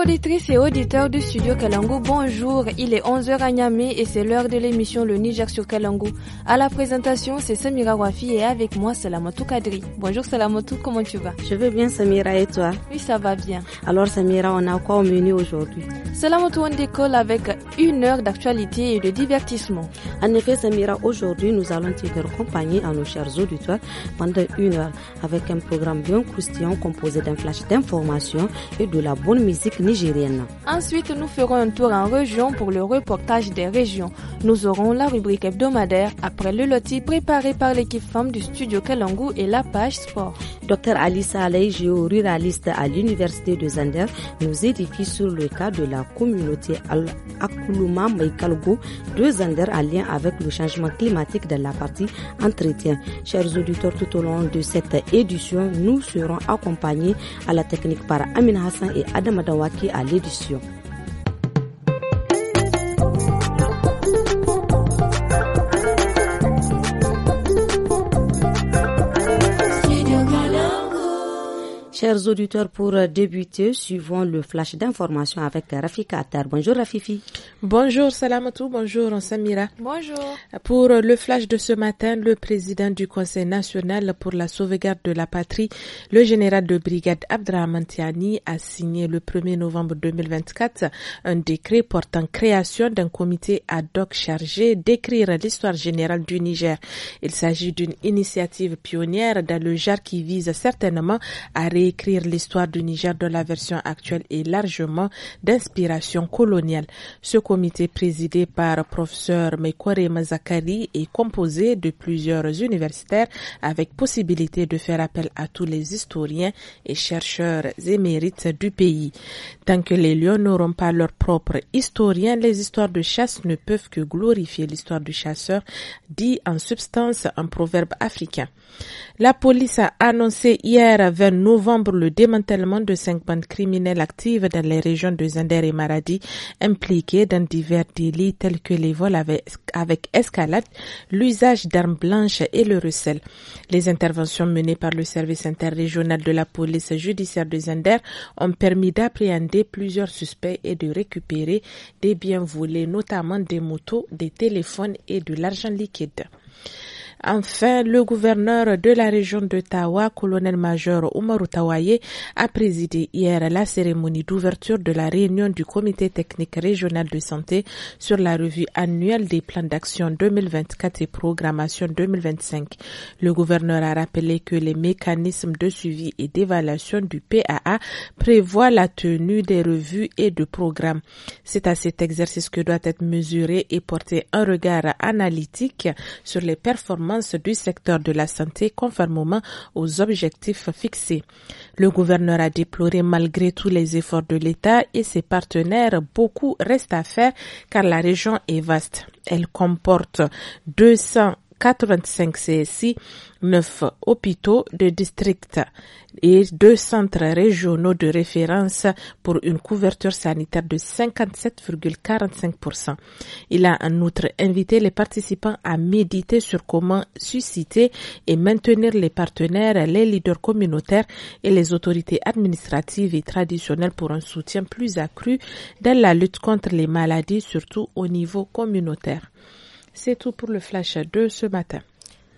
auditrices et auditeur du studio Kalangu, bonjour. Il est 11h à Niamey et c'est l'heure de l'émission Le Niger sur Kalangu. À la présentation, c'est Samira Wafi et avec moi, Salamotou Kadri. Bonjour Salamotou, comment tu vas Je vais bien Samira et toi Oui, ça va bien. Alors Samira, on a quoi au menu aujourd'hui Salamoto on décolle avec une heure d'actualité et de divertissement. En effet Samira, aujourd'hui, nous allons faire compagnie à nos chers auditeurs pendant une heure avec un programme bien croustillant composé d'un flash d'informations et de la bonne musique Ensuite, nous ferons un tour en région pour le reportage des régions. Nous aurons la rubrique hebdomadaire après le loti préparé par l'équipe femme du studio Kalangu et la page sport. Dr Ali Saleh, géoruraliste à l'université de Zander, nous édifie sur le cas de la communauté akuluma Maikalgo de Zander en lien avec le changement climatique de la partie entretien. Chers auditeurs, tout au long de cette édition, nous serons accompagnés à la technique par Amin Hassan et Adam à l'édition. Chers auditeurs, pour débuter, suivons le flash d'information avec Rafika Attar. Bonjour Rafifi. Bonjour Salamatou, bonjour Samira. Bonjour. Pour le flash de ce matin, le président du Conseil national pour la sauvegarde de la patrie, le général de brigade Abdrahman Tiani, a signé le 1er novembre 2024 un décret portant création d'un comité ad hoc chargé d'écrire l'histoire générale du Niger. Il s'agit d'une initiative pionnière dans le genre qui vise certainement à ré écrire l'histoire du Niger de la version actuelle est largement d'inspiration coloniale. Ce comité présidé par professeur Mekore Mazakari est composé de plusieurs universitaires avec possibilité de faire appel à tous les historiens et chercheurs émérites du pays. Tant que les lions n'auront pas leur propre historien, les histoires de chasse ne peuvent que glorifier l'histoire du chasseur, dit en substance un proverbe africain. La police a annoncé hier 20 novembre le démantèlement de cinq bandes criminelles actives dans les régions de Zender et Maradi impliquées dans divers délits tels que les vols avec, avec escalade, l'usage d'armes blanches et le recel. Les interventions menées par le service interrégional de la police judiciaire de Zender ont permis d'appréhender plusieurs suspects et de récupérer des biens volés, notamment des motos, des téléphones et de l'argent liquide. Enfin, le gouverneur de la région d'Ottawa, colonel-major Omar Tawaye, a présidé hier la cérémonie d'ouverture de la réunion du comité technique régional de santé sur la revue annuelle des plans d'action 2024 et programmation 2025. Le gouverneur a rappelé que les mécanismes de suivi et d'évaluation du PAA prévoient la tenue des revues et de programmes. C'est à cet exercice que doit être mesuré et porté un regard analytique sur les performances du secteur de la santé conformément aux objectifs fixés. Le gouverneur a déploré malgré tous les efforts de l'État et ses partenaires, beaucoup reste à faire car la région est vaste. Elle comporte 200 85 CSI, 9 hôpitaux de district et deux centres régionaux de référence pour une couverture sanitaire de 57,45%. Il a en outre invité les participants à méditer sur comment susciter et maintenir les partenaires, les leaders communautaires et les autorités administratives et traditionnelles pour un soutien plus accru dans la lutte contre les maladies, surtout au niveau communautaire. C'est tout pour le Flash 2 ce matin.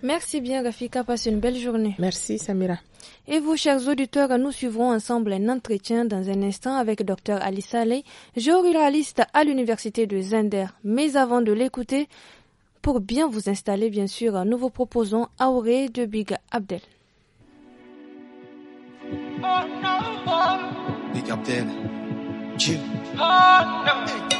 Merci bien, Rafika. Passe une belle journée. Merci, Samira. Et vous, chers auditeurs, nous suivrons ensemble un entretien dans un instant avec Dr Ali Saleh, géoruraliste à l'Université de Zender. Mais avant de l'écouter, pour bien vous installer, bien sûr, nous vous proposons Auré de Big Abdel. Oh, oh. Big Abdel. Oh,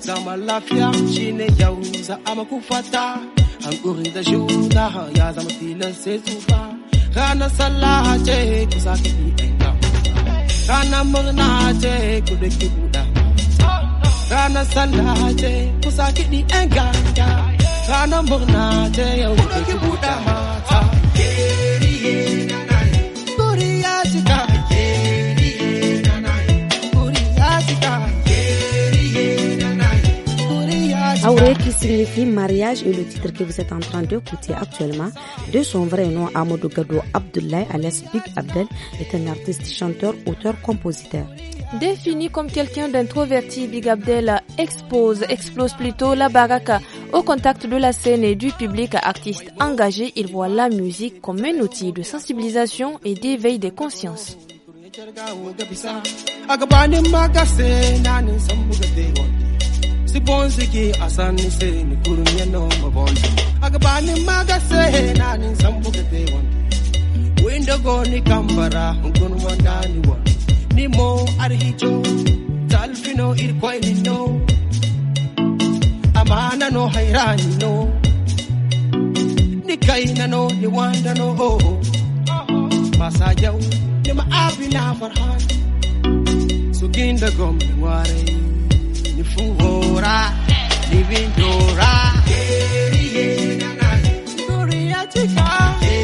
za malafya shine yau za ama kufata hankurin da ya zama tilan sai tsufa ranar sallah ce ku sake bi ɗan ranar murna ce ku da ki buɗa ranar sallah ce ku sake ɗi ɗan ganga mata qui signifie mariage et le titre que vous êtes en train d'écouter actuellement de son vrai nom Amadou Gado Abdoulaye alias Big Abdel est un artiste chanteur, auteur, compositeur. Défini comme quelqu'un d'introverti, Big Abdel expose, explose plutôt la baraka au contact de la scène et du public. Artiste engagé, il voit la musique comme un outil de sensibilisation et d'éveil des consciences. sibonzi ki asani se ni kurunye no mabonzi agabani maga se na ni sambu kete wan window go ni kambara ngunu wandani wan ni mo arhijo talfino irkoini no amana no hairani no ni kaina no ni wanda no oh masajau ni maabi na farhan suginda gom ware Fuora, living dora yeah, yeah, yeah, yeah, yeah.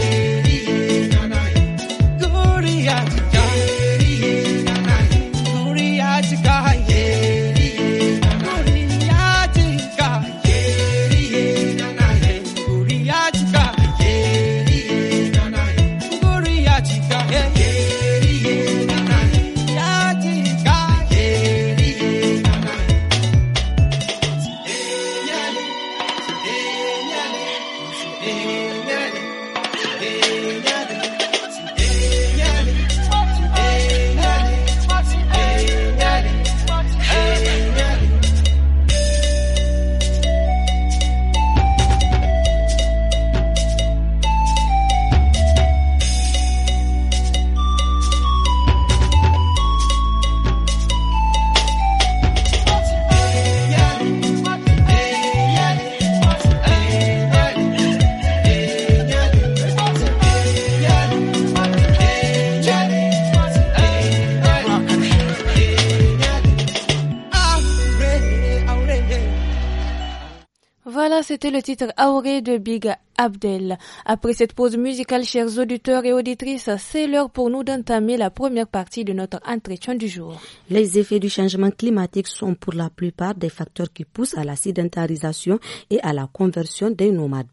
c'était le titre Auré de Big Abdel. Après cette pause musicale, chers auditeurs et auditrices, c'est l'heure pour nous d'entamer la première partie de notre entretien du jour. Les effets du changement climatique sont pour la plupart des facteurs qui poussent à la sédentarisation et à la conversion des nomades.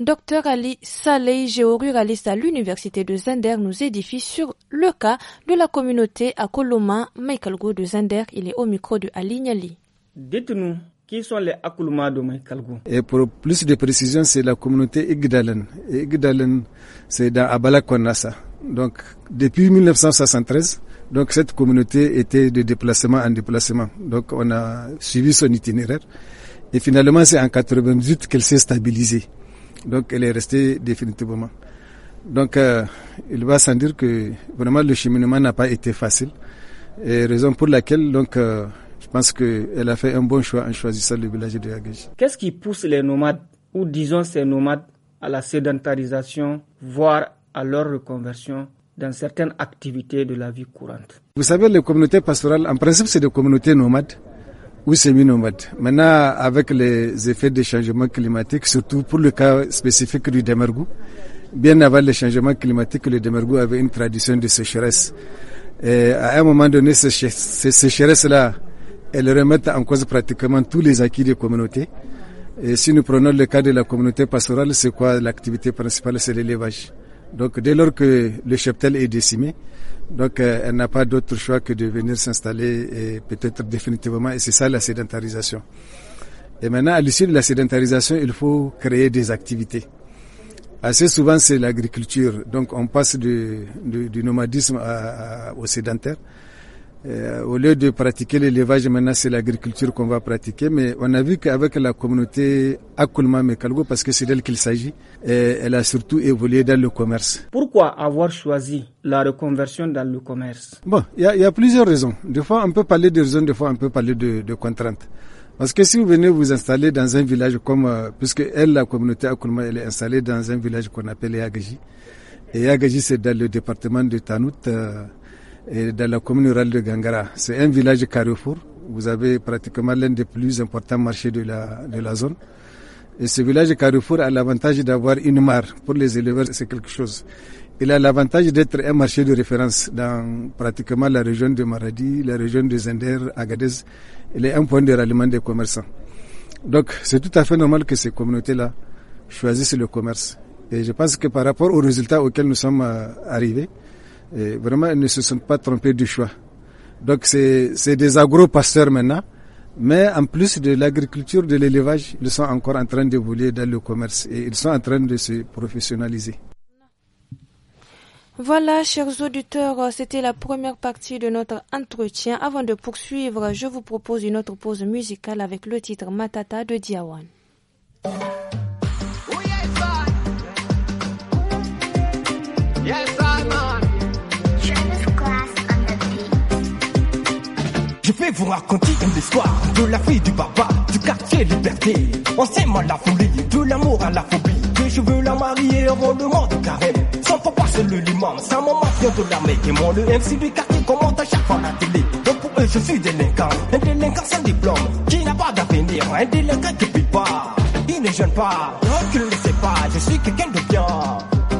Docteur Ali Saleh, géoruraliste à l'université de Zender, nous édifie sur le cas de la communauté à Koloma, Michael Go de Zender. Il est au micro de Ali Niali. Dites-nous qui sont les accoulements de Et pour plus de précision, c'est la communauté Igdalen. Igdalen, c'est dans Abalakonassa. Donc, depuis 1973, donc cette communauté était de déplacement en déplacement. Donc, on a suivi son itinéraire. Et finalement, c'est en 98 qu'elle s'est stabilisée. Donc, elle est restée définitivement. Donc, euh, il va sans dire que vraiment le cheminement n'a pas été facile. Et raison pour laquelle, donc, euh, je pense qu'elle a fait un bon choix en choisissant le village de Agege. Qu'est-ce qui pousse les nomades, ou disons ces nomades, à la sédentarisation, voire à leur reconversion dans certaines activités de la vie courante Vous savez, les communautés pastorales, en principe, c'est des communautés nomades ou semi-nomades. Maintenant, avec les effets des changements climatiques, surtout pour le cas spécifique du Demergou, bien avant les changements climatiques, le Demergou avait une tradition de sécheresse. Et à un moment donné, ces sécheresses-là elles remettent en cause pratiquement tous les acquis des communautés. Et si nous prenons le cas de la communauté pastorale, c'est quoi l'activité principale C'est l'élevage. Donc dès lors que le cheptel est décimé, donc euh, elle n'a pas d'autre choix que de venir s'installer peut-être définitivement. Et c'est ça la sédentarisation. Et maintenant, à l'issue de la sédentarisation, il faut créer des activités. Assez souvent, c'est l'agriculture. Donc on passe du, nomadisme au sédentaire. Euh, au lieu de pratiquer l'élevage, maintenant c'est l'agriculture qu'on va pratiquer. Mais on a vu qu'avec la communauté Akulma Mekalgo, parce que c'est d'elle qu'il s'agit, euh, elle a surtout évolué dans le commerce. Pourquoi avoir choisi la reconversion dans le commerce Bon, il y, a plusieurs raisons. Des fois on peut parler de raisons, des fois on peut parler de, contraintes. Parce que si vous venez vous installer dans un village comme, euh, puisque elle, la communauté Akulma, elle est installée dans un village qu'on appelle Yagaji. Et Yagaji, c'est dans le département de Tanout et dans la commune rurale de Gangara. C'est un village carrefour. Vous avez pratiquement l'un des plus importants marchés de la, de la zone. Et ce village carrefour a l'avantage d'avoir une mare. Pour les éleveurs, c'est quelque chose. Il a l'avantage d'être un marché de référence dans pratiquement la région de Maradi, la région de Zender, Agadez. Il est un point de ralliement des commerçants. Donc, c'est tout à fait normal que ces communautés-là choisissent le commerce. Et je pense que par rapport aux résultats auxquels nous sommes euh, arrivés, et vraiment, ils ne se sont pas trompés du choix. Donc, c'est des agro-pasteurs maintenant. Mais en plus de l'agriculture, de l'élevage, ils sont encore en train d'évoluer dans le commerce et ils sont en train de se professionnaliser. Voilà, chers auditeurs, c'était la première partie de notre entretien. Avant de poursuivre, je vous propose une autre pause musicale avec le titre Matata de Diawan. Je vais vous raconter une histoire de la fille du papa du quartier Liberté. On s'aime à la folie, de l'amour à la phobie. Que je veux la marier avant le monde de Sans faux pas c'est le liment sa maman vient de l'armée. Et mon le MC du quartier commente à chaque fois la télé. Donc pour eux je suis délinquant, un délinquant sans diplôme, qui n'a pas d'avenir, un délinquant qui paye pas. Il ne jeûne pas, Non, tu ne sais pas, je suis quelqu'un de bien.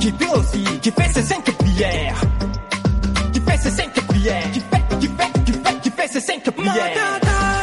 Qui peut aussi, qui fait ses cinq prières. Qui fait ses cinq prières, qui fait, qui fait. vezes sem yeah.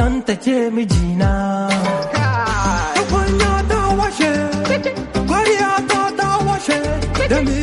nan take mijina tukunya ta washe kwariya ta ta washe da mi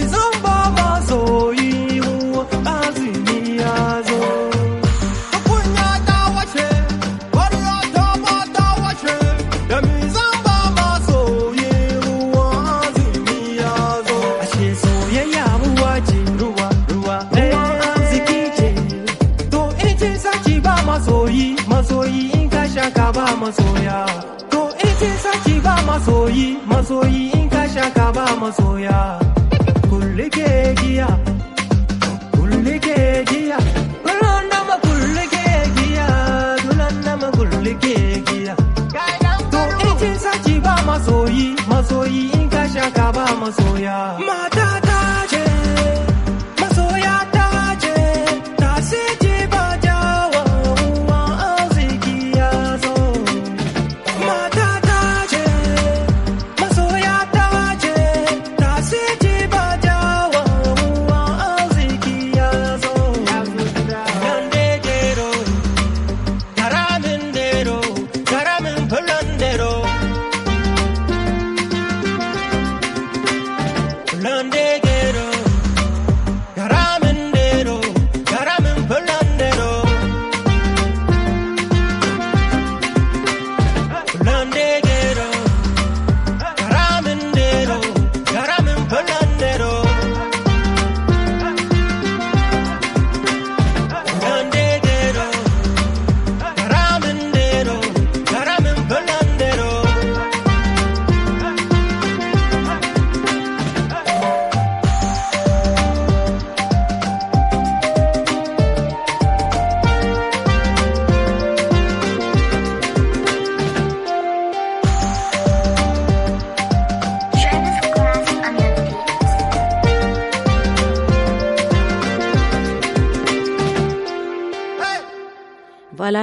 masoyi masoyi in ka sha ka ba masoya kulle ke giya kulle ke giya kullun nama kulle ke giya nama kulle ke giya to in saci ba masoyi masoyi in ka sha ka ba masoya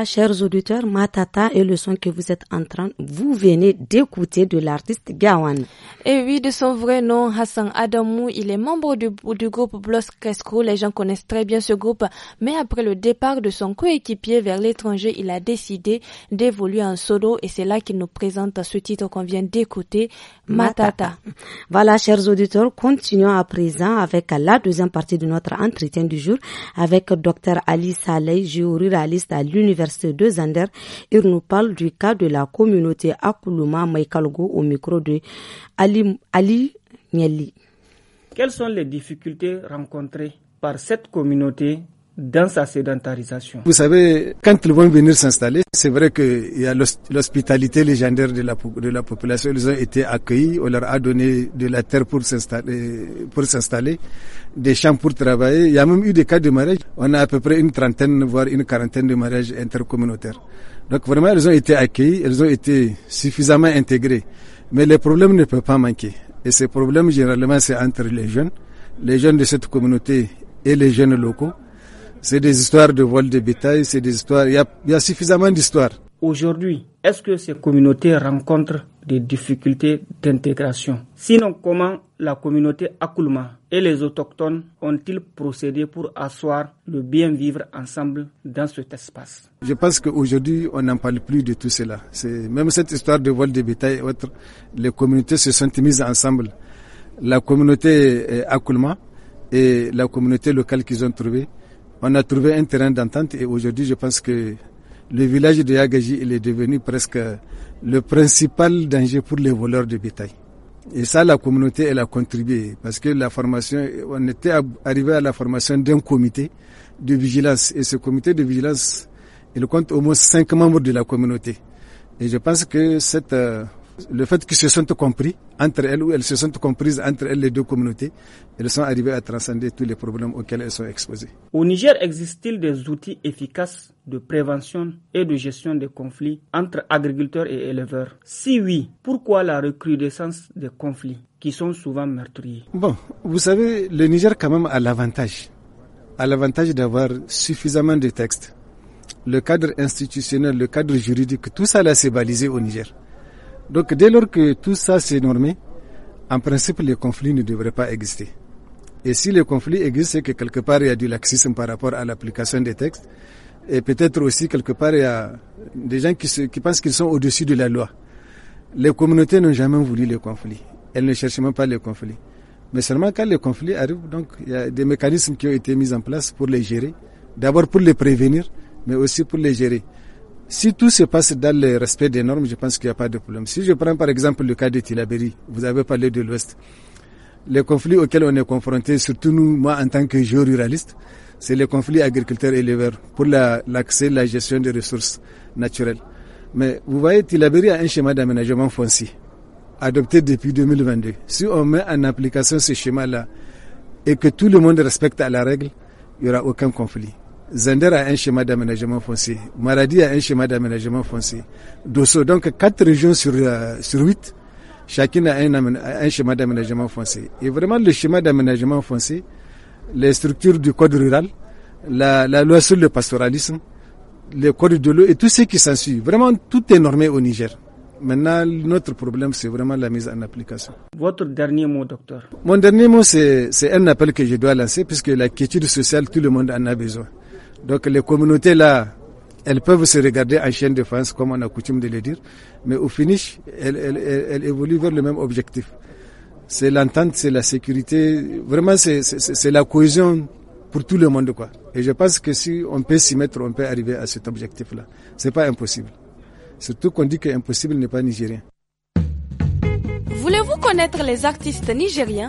chers auditeurs, Matata est le son que vous êtes en train, vous venez d'écouter de l'artiste Gawan. Et eh oui, de son vrai nom, Hassan Adamou, il est membre du, groupe Blos Cresco. Les gens connaissent très bien ce groupe, mais après le départ de son coéquipier vers l'étranger, il a décidé d'évoluer en solo et c'est là qu'il nous présente ce titre qu'on vient d'écouter, Matata. Voilà, chers auditeurs, continuons à présent avec la deuxième partie de notre entretien du jour avec Dr Ali Saleh, géoruraliste à l'Université il nous parle du cas de la communauté Akuluma Maïkalgo au micro de Ali, Ali Quelles sont les difficultés rencontrées par cette communauté dans sa sédentarisation. Vous savez, quand ils vont venir s'installer, c'est vrai qu'il y a l'hospitalité légendaire de la, de la population. Ils ont été accueillis, on leur a donné de la terre pour s'installer, des champs pour travailler. Il y a même eu des cas de mariage. On a à peu près une trentaine, voire une quarantaine de mariages intercommunautaires. Donc vraiment, ils ont été accueillis, ils ont été suffisamment intégrés. Mais les problèmes ne peuvent pas manquer. Et ces problèmes, généralement, c'est entre les jeunes, les jeunes de cette communauté et les jeunes locaux c'est des histoires de vol de bétail, c'est des histoires, il y a, suffisamment d'histoires. Aujourd'hui, est-ce que ces communautés rencontrent des difficultés d'intégration Sinon, comment la communauté Akulma et les autochtones ont-ils procédé pour asseoir le bien vivre ensemble dans cet espace Je pense qu'aujourd'hui, on n'en parle plus de tout cela. C'est Même cette histoire de vol de bétail et autres, les communautés se sont mises ensemble. La communauté euh, Akulma et la communauté locale qu'ils ont trouvée, on a trouvé un terrain d'entente et aujourd'hui, je pense que le village de Yagaji, il est devenu presque le principal danger pour les voleurs de bétail. Et ça, la communauté, elle a contribué parce que la formation, on était arrivé à la formation d'un comité de vigilance et ce comité de vigilance, il compte au moins cinq membres de la communauté. Et je pense que cette euh, le fait qu'ils se sentent compris entre elles ou elles se sentent comprises entre elles les deux communautés, elles sont arrivées à transcender tous les problèmes auxquels elles sont exposées. Au Niger, existe-t-il des outils efficaces de prévention et de gestion des conflits entre agriculteurs et éleveurs Si oui, pourquoi la recrudescence des conflits qui sont souvent meurtriers Bon, vous savez, le Niger quand même a l'avantage, a l'avantage d'avoir suffisamment de textes le cadre institutionnel, le cadre juridique, tout ça là c'est balisé au Niger. Donc dès lors que tout ça s'est normé, en principe les conflits ne devraient pas exister. Et si les conflits existent, c'est que quelque part il y a du laxisme par rapport à l'application des textes. Et peut-être aussi quelque part il y a des gens qui, pensent qu'ils sont au-dessus de la loi. Les communautés n'ont jamais voulu les conflits. Elles ne cherchent même pas les conflits. Mais seulement quand les conflits arrivent, donc il y a des mécanismes qui ont été mis en place pour les gérer. D'abord pour les prévenir, mais aussi pour les gérer. Si tout se passe dans le respect des normes, je pense qu'il n'y a pas de problème. Si je prends par exemple le cas de Tilaberi, vous avez parlé de l'Ouest. Le conflit auxquels on est confronté, surtout nous, moi en tant que géoruraliste, c'est les conflit agriculteurs-éleveurs pour l'accès, la, la, gestion des ressources naturelles. Mais vous voyez, Tilaberi a un schéma d'aménagement foncier adopté depuis 2022. Si on met en application ce schéma-là et que tout le monde respecte la règle, il n'y aura aucun conflit. Zender a un schéma d'aménagement foncier. Maradi a un schéma d'aménagement foncier. Dosso, donc quatre régions sur, euh, sur huit, chacune a un, schéma d'aménagement foncier. Et vraiment, le schéma d'aménagement foncier, les structures du code rural, la, la loi sur le pastoralisme, le code de l'eau et tout ce qui s'ensuit. Vraiment, tout est normé au Niger. Maintenant, notre problème, c'est vraiment la mise en application. Votre dernier mot, docteur Mon dernier mot, c'est un appel que je dois lancer, puisque la quiétude sociale, tout le monde en a besoin. Donc les communautés là, elles peuvent se regarder en chaîne de France, comme on a coutume de le dire, mais au finish, elles, évoluent vers le même objectif. C'est l'entente, c'est la sécurité, vraiment c'est la cohésion pour tout le monde quoi. Et je pense que si on peut s'y mettre, on peut arriver à cet objectif-là. C'est pas impossible. Surtout qu'on dit que impossible n'est pas nigérien. Voulez-vous connaître les artistes nigériens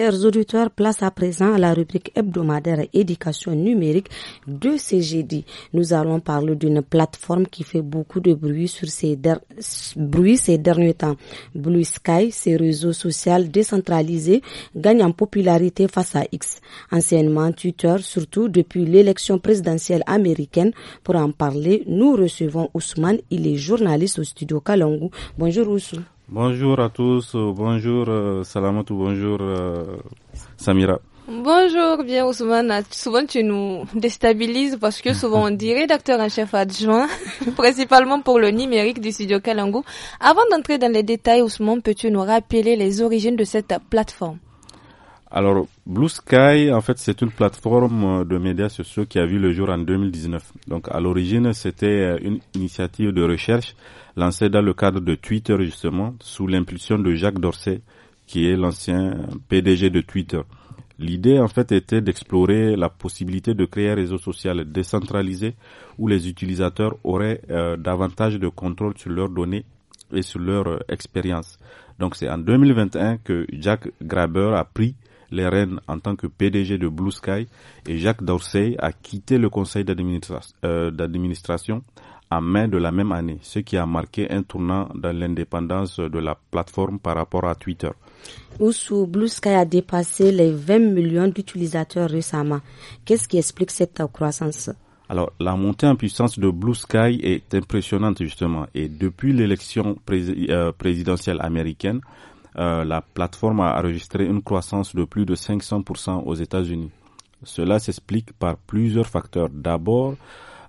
Chers auditeurs, place à présent à la rubrique hebdomadaire éducation numérique de CGD. Nous allons parler d'une plateforme qui fait beaucoup de bruit sur ces, ces derniers temps. Blue Sky, ces réseaux sociaux décentralisés, gagne en popularité face à X. Anciennement Twitter, surtout depuis l'élection présidentielle américaine. Pour en parler, nous recevons Ousmane. Il est journaliste au studio Kalangu. Bonjour Ousmane. Bonjour à tous, euh, bonjour euh, bonjour euh, Samira. Bonjour, bien Ousmane. Souvent tu nous déstabilises parce que souvent on dit rédacteur en chef adjoint, principalement pour le numérique du studio Kalangu. Avant d'entrer dans les détails, Ousmane, peux-tu nous rappeler les origines de cette plateforme alors, Blue Sky, en fait, c'est une plateforme euh, de médias sociaux qui a vu le jour en 2019. Donc, à l'origine, c'était euh, une initiative de recherche lancée dans le cadre de Twitter, justement, sous l'impulsion de Jacques Dorsey, qui est l'ancien euh, PDG de Twitter. L'idée, en fait, était d'explorer la possibilité de créer un réseau social décentralisé où les utilisateurs auraient davantage de contrôle sur leurs données et sur leur expérience. Donc, c'est en 2021 que Jack Graber a pris les rennes en tant que PDG de Blue Sky et Jacques Dorsey a quitté le conseil euh, d'administration en mai de la même année, ce qui a marqué un tournant dans l'indépendance de la plateforme par rapport à Twitter. Oussou, Blue Sky a dépassé les 20 millions d'utilisateurs récemment. Qu'est-ce qui explique cette croissance alors, la montée en puissance de Blue Sky est impressionnante justement et depuis l'élection euh, présidentielle américaine, euh, la plateforme a enregistré une croissance de plus de 500% aux États-Unis. Cela s'explique par plusieurs facteurs. D'abord,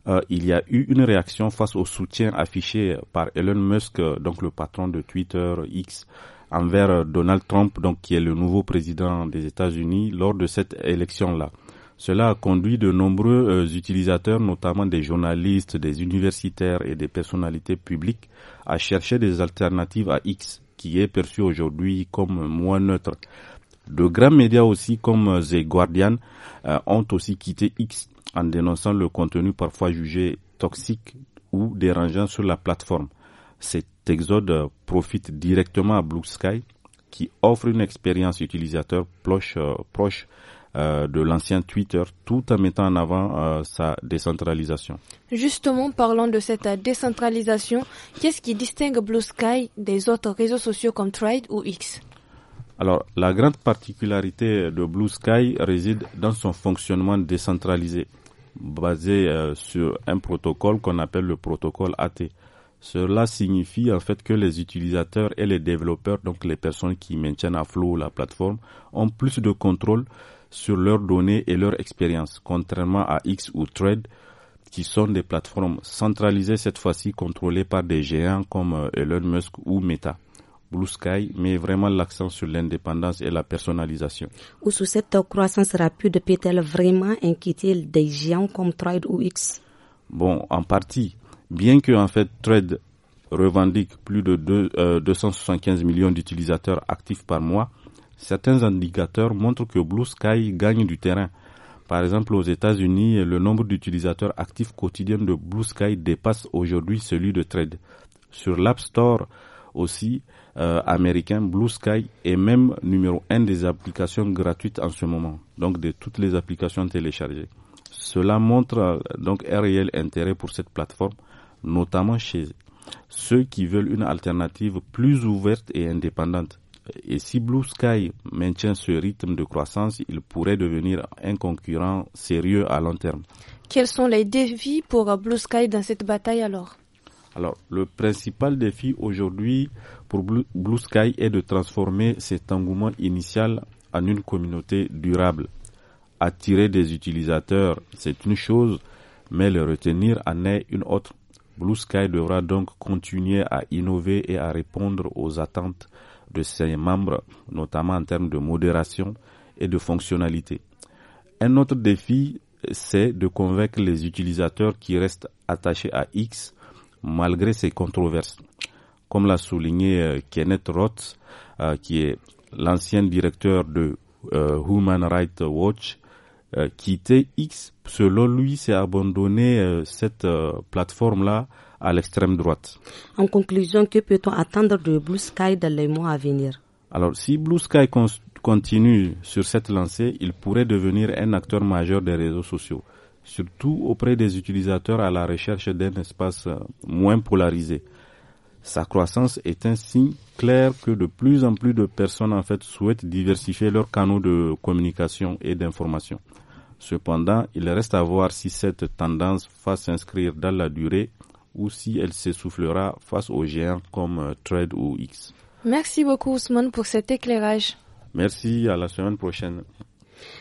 euh, il y a eu une réaction face au soutien affiché par Elon Musk, euh, donc le patron de Twitter X, envers Donald Trump, donc qui est le nouveau président des États-Unis, lors de cette élection-là. Cela a conduit de nombreux utilisateurs, notamment des journalistes, des universitaires et des personnalités publiques, à chercher des alternatives à X qui est perçu aujourd'hui comme moins neutre. De grands médias aussi comme The Guardian euh, ont aussi quitté X en dénonçant le contenu parfois jugé toxique ou dérangeant sur la plateforme. Cet exode profite directement à Blue Sky qui offre une expérience utilisateur proche euh, euh, de l'ancien Twitter, tout en mettant en avant euh, sa décentralisation. Justement, parlant de cette décentralisation, qu'est-ce qui distingue Blue Sky des autres réseaux sociaux comme Trade ou X alors, la grande particularité de Blue Sky réside dans son fonctionnement décentralisé, basé euh, sur un protocole qu'on appelle le protocole AT. Cela signifie en fait que les utilisateurs et les développeurs, donc les personnes qui maintiennent à flot la plateforme, ont plus de contrôle sur leurs données et leur expérience, contrairement à X ou Trade, qui sont des plateformes centralisées cette fois-ci contrôlées par des géants comme euh, Elon Musk ou Meta. Blue Sky met vraiment l'accent sur l'indépendance et la personnalisation. Ou sous cette croissance rapide peut-elle vraiment inquiéter des géants comme Trade ou X Bon, en partie. Bien que en fait Trade revendique plus de 2, 275 euh, millions d'utilisateurs actifs par mois, certains indicateurs montrent que Blue Sky gagne du terrain. Par exemple, aux États-Unis, le nombre d'utilisateurs actifs quotidiens de Blue Sky dépasse aujourd'hui celui de Trade. Sur l'App Store aussi euh, américain, Blue Sky est même numéro un des applications gratuites en ce moment, donc de toutes les applications téléchargées. Cela montre euh, donc un réel intérêt pour cette plateforme, notamment chez ceux qui veulent une alternative plus ouverte et indépendante. Et si Blue Sky maintient ce rythme de croissance, il pourrait devenir un concurrent sérieux à long terme. Quels sont les défis pour Blue Sky dans cette bataille alors alors, le principal défi aujourd'hui pour Blue Sky est de transformer cet engouement initial en une communauté durable. Attirer des utilisateurs, c'est une chose, mais le retenir en est une autre. Blue Sky devra donc continuer à innover et à répondre aux attentes de ses membres, notamment en termes de modération et de fonctionnalité. Un autre défi, c'est de convaincre les utilisateurs qui restent attachés à X malgré ses controverses. Comme l'a souligné euh, Kenneth Roth, euh, qui est l'ancien directeur de euh, Human Rights Watch, quitter X, selon lui, c'est abandonner cette plateforme-là à l'extrême droite. En conclusion, que peut-on attendre de Blue Sky dans les mois à venir Alors, si Blue Sky continue sur cette lancée, il pourrait devenir un acteur majeur des réseaux sociaux, surtout auprès des utilisateurs à la recherche d'un espace euh, moins polarisé. Sa croissance est un signe clair que de plus en plus de personnes en fait souhaitent diversifier leurs canaux de communication et d'information. Cependant, il reste à voir si cette tendance va s'inscrire dans la durée ou si elle s'essoufflera face aux géants comme euh, Trade ou X. Merci beaucoup Ousmane pour cet éclairage. Merci, à la semaine prochaine.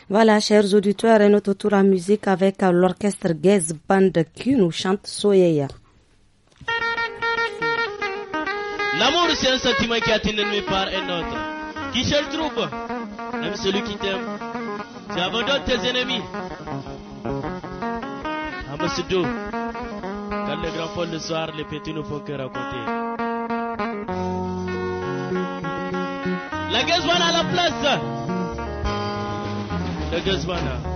Voilà, chers auditeurs, un autre tour à musique avec euh, l'orchestre Gaze Band qui nous chante Soyeya. L'amour, c'est un sentiment qui atteint l'ennemi par un autre. Qui cherche trouble, même celui qui t'aime. Tu abandonnes tes ennemis. Ambassadeur. Quand les grands font le soir, les petits ne font que raconter. La Gazwana à la place. La Gazwana.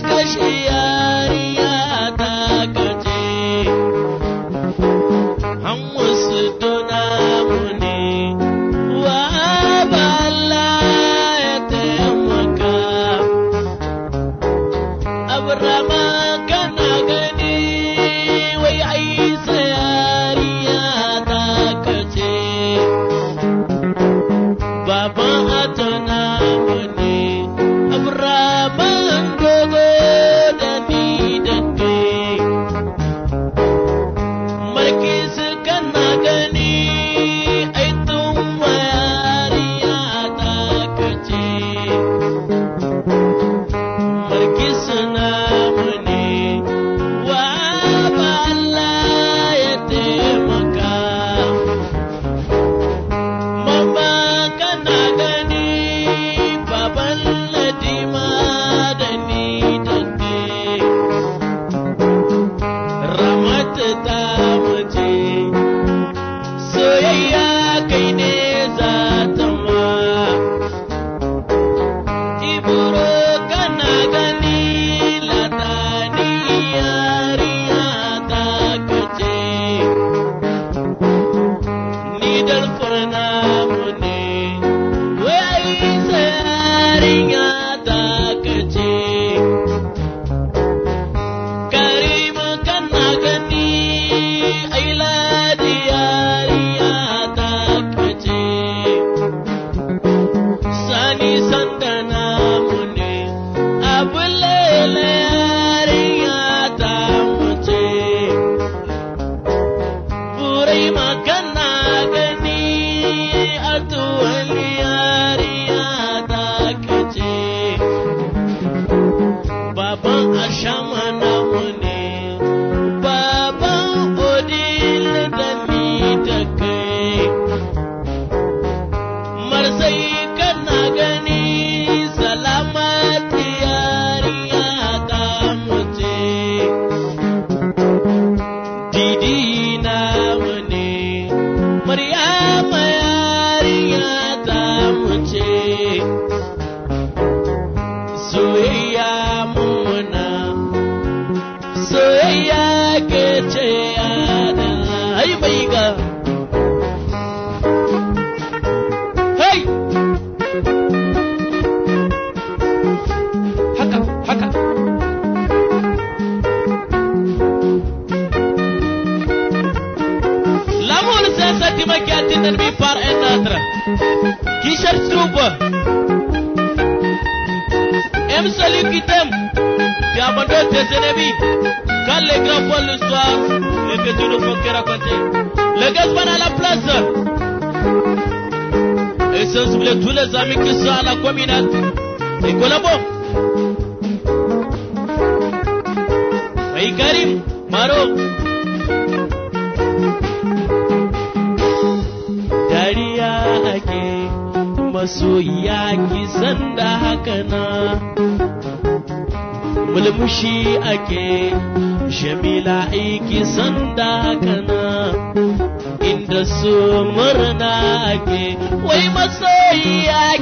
discussion.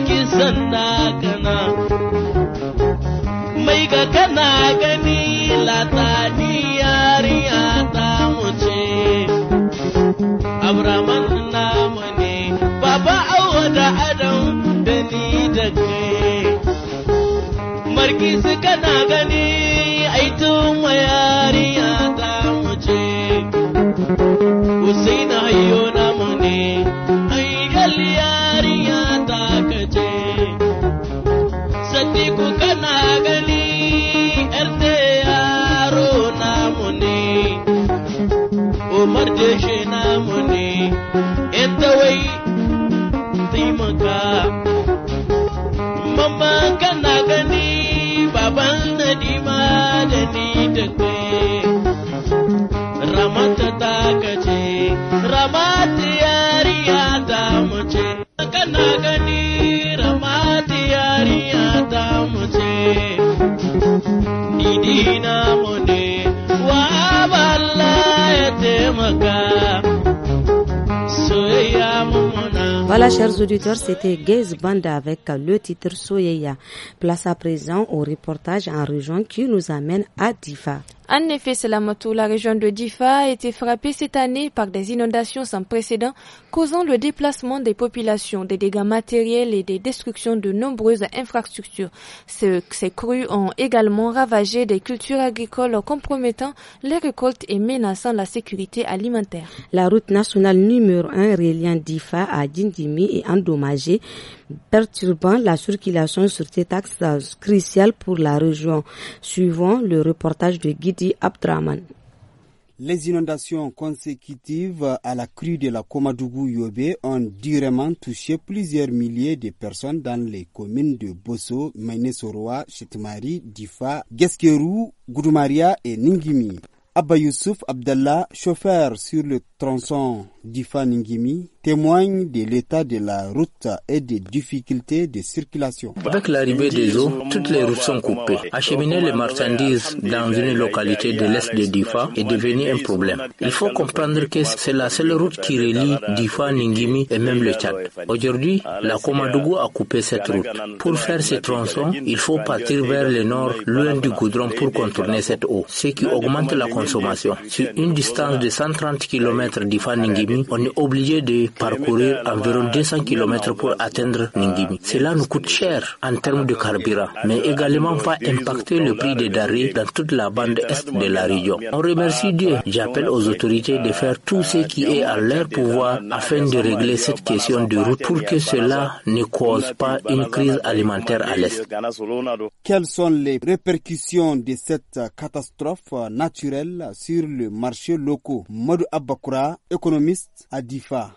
kisan na mai ga kana gani latani yariya ta muce abraman namu ne baba awo da adam da ni da kai marki su kana gani aitun mayariya ta muce Hussein hayo kamar da shi Voilà, chers auditeurs, c'était Gaze Banda avec le titre Soyeya. Place à présent au reportage en région qui nous amène à Difa. En effet, Selamatou, la région de Difa a été frappée cette année par des inondations sans précédent, causant le déplacement des populations, des dégâts matériels et des destructions de nombreuses infrastructures. Ces, crues ont également ravagé des cultures agricoles, compromettant les récoltes et menaçant la sécurité alimentaire. La route nationale numéro 1 reliant Difa à Dindimi est endommagée, perturbant la circulation sur cet axe crucial pour la région, suivant le reportage de Guidi Abdraman. Les inondations consécutives à la crue de la Komadougou Yobe ont durement touché plusieurs milliers de personnes dans les communes de Bosso, Mainesoroa, Chetmari, Difa, Geskerou, Gourmaria et Ningimi. Abba Youssouf Abdallah, chauffeur sur le tronçon Difa-Ningimi, témoigne de l'état de la route et des difficultés de circulation. Avec l'arrivée des eaux, toutes les routes sont coupées. Acheminer les marchandises dans une localité de l'est de Difa est devenu un problème. Il faut comprendre que c'est la seule route qui relie Difa, Ningimi et même le Tchad. Aujourd'hui, la Komadougou a coupé cette route. Pour faire ces tronçons, il faut partir vers le nord, loin du goudron pour contourner cette eau, ce qui augmente la consommation. Sur une distance de 130 km d'Ifa Ningimi, on est obligé de parcourir environ 200 km pour atteindre Ningimi. Cela nous coûte cher en termes de carburant, mais également va impacter le prix des denrées dans toute la bande est de la région. On remercie Dieu. J'appelle aux autorités de faire tout ce qui est à leur pouvoir afin de régler cette question de route pour que cela ne cause pas une crise alimentaire à l'Est. Quelles sont les répercussions de cette catastrophe naturelle sur le marché local Modu Abakura, économiste à DIFA,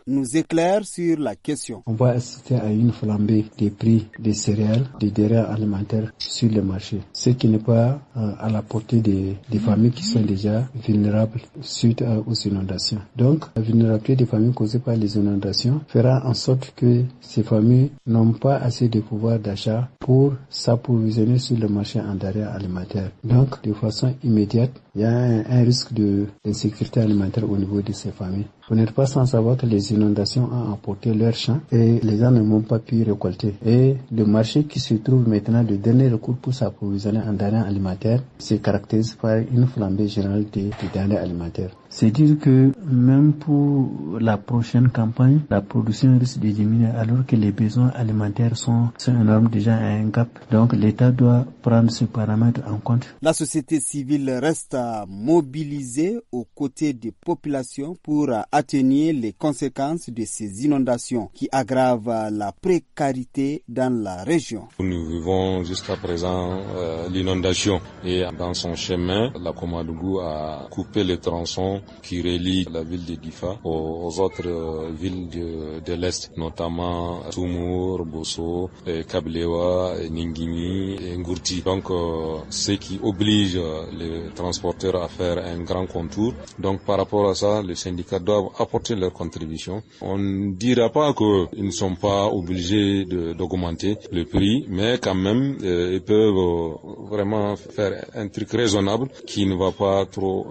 sur la question. On va assister à une flambée des prix des céréales, des derrières alimentaires sur le marché, ce qui n'est pas euh, à la portée des, familles qui sont déjà vulnérables suite euh, aux inondations. Donc, la vulnérabilité des familles causées par les inondations fera en sorte que ces familles n'ont pas assez de pouvoir d'achat pour s'approvisionner sur le marché en derrière alimentaires. Donc, de façon immédiate, il y a un, un risque d'insécurité alimentaire au niveau de ces familles. Vous n'êtes pas sans savoir que les inondations ont emporté leurs champs et les gens ne m'ont pas pu récolter. Et le marché qui se trouve maintenant de dernier recours pour s'approvisionner en denrées alimentaires se caractérise par une flambée générale des, des denrées alimentaires. C'est dire que même pour la prochaine campagne, la production risque de diminuer alors que les besoins alimentaires sont, énormes déjà à un gap. Donc l'État doit prendre ce paramètre en compte. La société civile reste mobilisée aux côtés des populations pour atténuer les conséquences de ces inondations qui aggravent la précarité dans la région. Nous vivons jusqu'à présent euh, l'inondation et dans son chemin, la Comadougou a coupé les tronçons qui relie la ville de Difa aux, autres euh, villes de, l'Est, notamment Toumour, Bosso, Kablewa, Ningimi et Ngurti. Donc, c'est euh, ce qui oblige les transporteurs à faire un grand contour. Donc, par rapport à ça, les syndicats doivent apporter leur contribution. On ne dira pas qu'ils ne sont pas obligés d'augmenter le prix, mais quand même, euh, ils peuvent vraiment faire un truc raisonnable qui ne va pas trop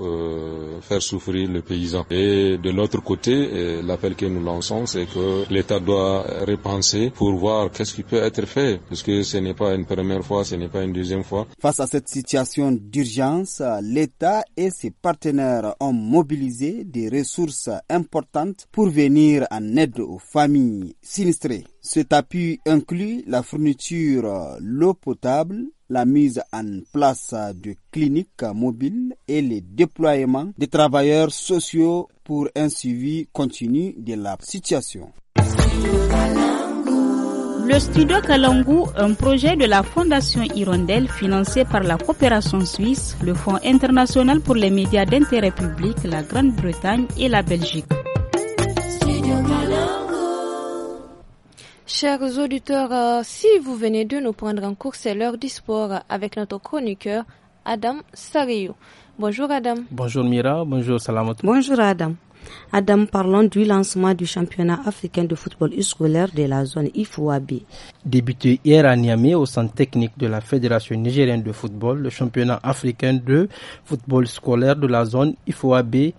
faire souffrir et de l'autre côté, euh, l'appel que nous lançons, c'est que l'État doit repenser pour voir qu'est-ce qui peut être fait, parce que ce n'est pas une première fois, ce n'est pas une deuxième fois. Face à cette situation d'urgence, l'État et ses partenaires ont mobilisé des ressources importantes pour venir en aide aux familles sinistrées. Cet appui inclut la fourniture euh, l'eau potable, la mise en place de cliniques mobiles et le déploiement des travailleurs sociaux pour un suivi continu de la situation. Le studio Kalangu, un projet de la Fondation Hirondelle financé par la coopération suisse, le Fonds international pour les médias d'intérêt public, la Grande-Bretagne et la Belgique. Chers auditeurs, euh, si vous venez de nous prendre en cours, c'est l'heure du sport avec notre chroniqueur Adam Sariou. Bonjour Adam. Bonjour Mira, bonjour Salamot. Bonjour Adam. Adam, parlons du lancement du championnat africain de football scolaire de la zone IFOAB. Débuté hier à Niamey au centre technique de la Fédération nigérienne de football, le championnat africain de football scolaire de la zone IFOAB